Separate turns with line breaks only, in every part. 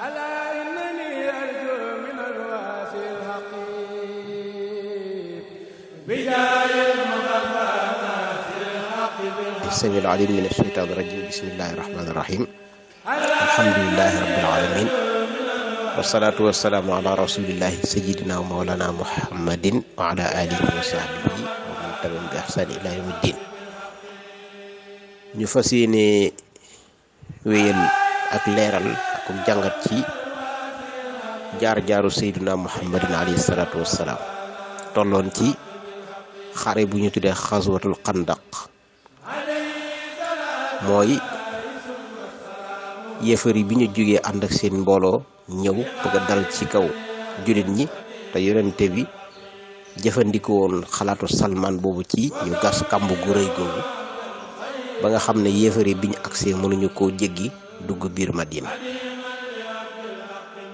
ألا إنني أرجو من الواسع الحقيب بداية السميع العليم من الشيطان الرجيم بسم الله الرحمن الرحيم الحمد لله رب العالمين والصلاة والسلام على رسول الله سيدنا ومولانا محمد وعلى آله وصحبه ومن تبعهم بإحسان إلى يوم الدين نفسي ويل yéene kom jangat ci jaar-jaaru sayduna muhammadin alayhi salatu wassalam tolon ci xare bu ñu tuddee xaswatul xandaq mooy yéefar yi bi ñu ak seen mbolo ñew bëgg dal ci kaw julit ñi ta yoonte bi won salman bobu ci ñu gas kambu gu reey googu ba nga xam yeferi biñu yi bi ñu agsee mënuñu jéggi dugg biir madina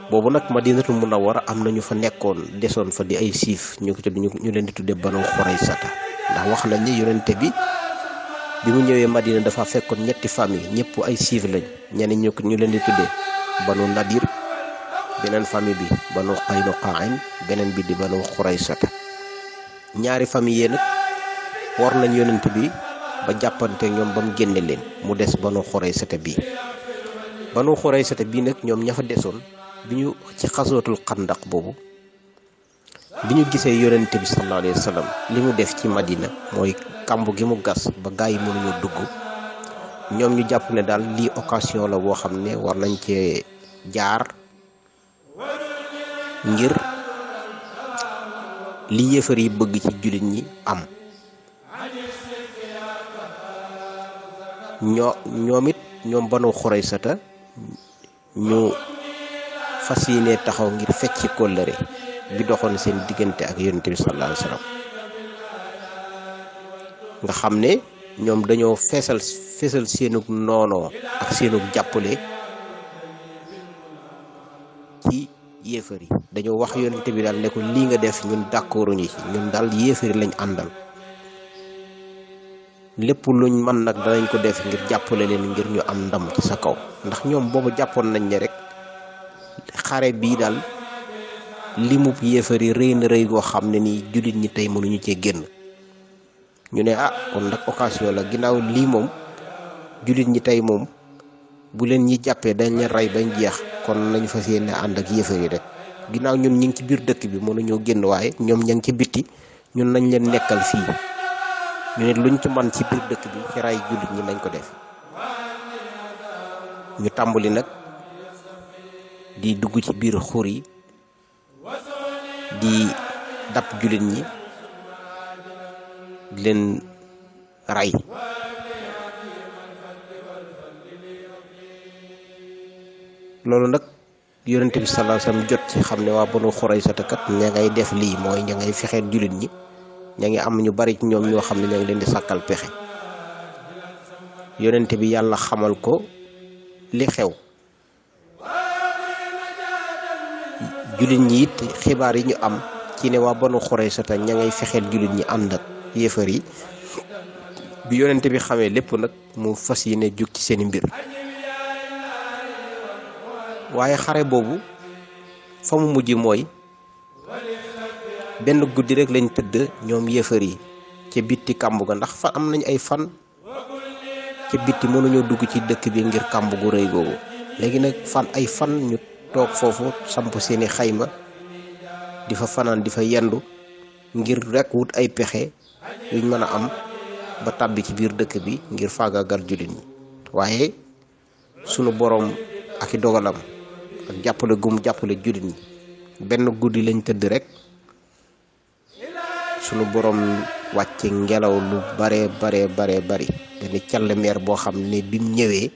boobu nag madinatu munawwara am na ñu fa nekkoon desoon fa di ay siif ñu ko tudd ñu leen di tudde banu xuraysata ndax wax nañ ni yonente bi bi mu ñëwee madina dafa fekkoon ñetti famille ñëpp ay siif lañ ñeneen ñu ñu leen di tuddee banu nadir beneen famille bi banu qaynuqaain beneen bi di banu xuraysata ñaari famille yee nag war nañ yonent bi ba jàppante ñoom ba mu génne leen mu des ba nu banu xuraysata bii banu xuraysata bii nag ñoom ña fa desoon biñu ci xasootul xandaq bobu biñu gisé gisee bi sallallahu alayhi wasallam limu def ci madina moy kambu gi mu gas ba gaay yi ñu dugg ñom ñu japp ne dal li occasion la bo xam war nañ ci jaar ngir li yëfar yi bëgg ci julit ñi am ñoo ñoom ñom banu banu xuraysata ñu fasiyene taxaw ngir fecc kóllëre bi doxon seen digeunte ak yoonte bi sallallahu alayhi wasallam nga xamne ne dañoo fessel fessel seenug nono ak seenug jappale ci yeferi dañoo wax yoonte bi dal ne ko li nga def ñun d'accordu ñi ñun dal yeferi lañ andal lepp luñ man nak dañ ko def ngir jappale len ngir ñu am ndam ci sa kaw ndax ñom bobu jappon nañ ne rek xare bii daal limub yéefar yi rëy na rëy goo xam ne nii jullit ñi tey mënuñu cee génn ñu ne ah kon nag occasion la ginnaaw lii moom jullit ñi tey moom bu leen ñi jàppee dañ leen rey bañ jeex kon nañu fas yéene ànd ak yéefar rek ginnaaw ñun ñi ngi ci biir dëkk bi mënuñoo génn waaye ñoom ña ci bitti ñun nañ leen nekkal fii ñu ne luñ ci man ci biir dëkk bi ci rey jullit ñi nañ ko def ñu tàmbali nag. di dugg ci biir xur yi di dab julit ñi di leen ray loolu nag yonente bi sallallahu alayhi wasallam jot ci xamne wa banu khuraysata kat ña ngay def li moy ña ngay fexé julit ñi ña ngi am ñu bari ci ñom ño xamne ña ngi leen di sakal pexé yonente bi yalla xamal ko li xew jullit ñi it xibaar yi ñu am ci ne waa banu Xuraysata ña ngay fexeel jullit ñi ànd ak yéefar yi bi yonente bi xamee lépp nag mu fas yi ne jug ci seeni mbir waaye xare boobu fa mu mujj mooy benn guddi rek lañ tëdd ñoom yéefar yi ca bitti kàmb ga ndax fa am nañ ay fan ca bitti mënuñoo dugg ci dëkk bi ngir kàmb gu rëy googu léegi nag fan ay fan ñu toog foofu samp seeni xayma di fa fanaan di fa yendu ngir rekk wut ay pexe yuñ mën a am ba tàbbi ci biir dëkk bi ngir faagaagal jullit ñi waaye sunu boroom ak i dogalam ak jàppale gum jàppale jullit ñi benn guddi lañ tëdd rekk sunu boroom wàcce ngelaw lu bare bare bare bari dañu call meer boo xam ne bim ñëwee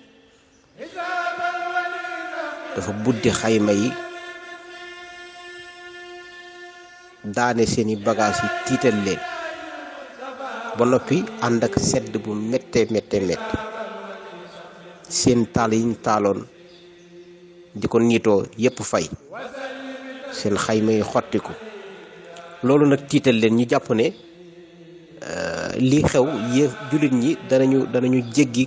dafa buddi xayma yi daane seeni bagages yi tiital leen ba noppi ànd ak sedd bu méttee méttee seen taal yi ñu taaloon di ko niitoo yépp fay seen xayma yi xottiku loolu nag tiital leen ñu jàpp ne euh, li xew yéef jullit ñi danañu danañu jéggi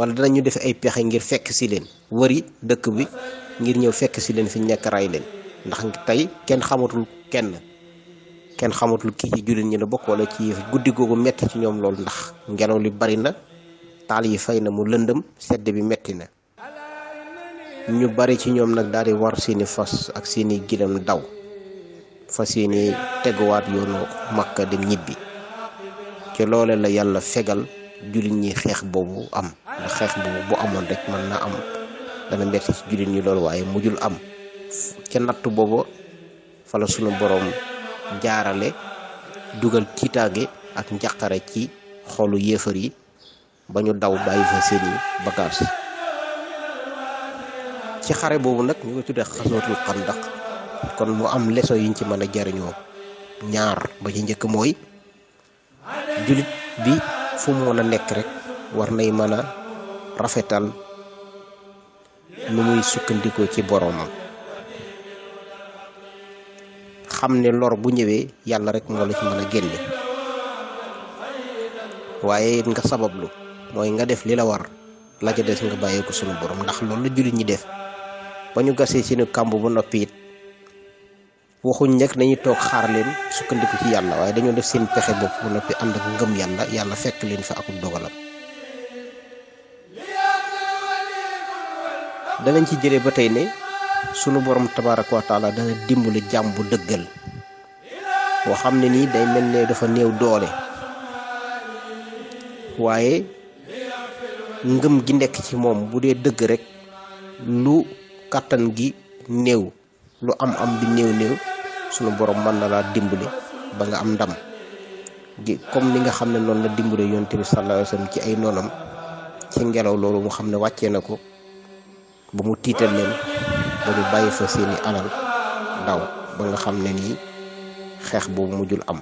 wala ñu def ay pexe ngir fekk si leen wëri dëkk bi ngir ñëw fekk si leen fi ñu nekk ray leen ndax tey kenn xamatul kenn kenn xamatul kii ci jullit ñi la bokk wala ci guddi googu metti ci ñoom loolu ndax ngelaw li bari na taal yi fay na mu lëndam sedd bi metti na ñu bari ci ñoom nag daal di war seeni fas ak seeni gilam daw fas seeni teguwaat yoonu Makka dem ñibbi ci loole la yàlla fegal jullit ñi xeex boobu am ndax xeex bu bu amoon rek mën na am dana metti ci jullit ñi loolu waaye mujjul am ca natt boobu fa la sunu boroom jaarale dugal tiitaange ak njàqare ci xolu yéefar yi ba ñu daw bàyyi fa seeni bagage ci xare boobu nag ñu koy tuddee xasootul xandax kon mu am leçon yiñ ci mën a jariñoo ñaar ba ci njëkk mooy jullit bi fu mu mën nekk rek war nay mën a rafetal numuy sukkandiko ci boroomam xamne lor bu ñewé yalla rek mo la ci mëna a waye waaye it nga sabablu nga def lila war la ca des nga bàyyee ko suñu borom ndax loolu la jullit ñi def ba ñu gasee seeni kàmb ba noppi it waxuñ nek nañu tok xaar leen sukkandiku ci yalla waye dañu def seen pexé bop bu nopi and ak ngëm yalla yalla fekk leen fa ak dogalam danañ ci jëlee ba tey ne sunu borom tabaraka wa taala dimbali jàmm bu dëggal xam ne nii day mel ne dafa néew doole waaye ngëm gi nekk ci moom bu dee dëgg rek lu kàttan gi néew lu am am bi néew néew sunu borom mën na laa dimbali ba nga am ndam gi comme ni nga xam ne noonu la dimbale yonte bi sallallahu alayhi ci ay noonam ci ngelaw loolu mu xam ne wàccee na ko ba mu tiital leen ba ñu bàyyi fa seeni alal daw ba nga xam ne nii xeex boobu mujjul am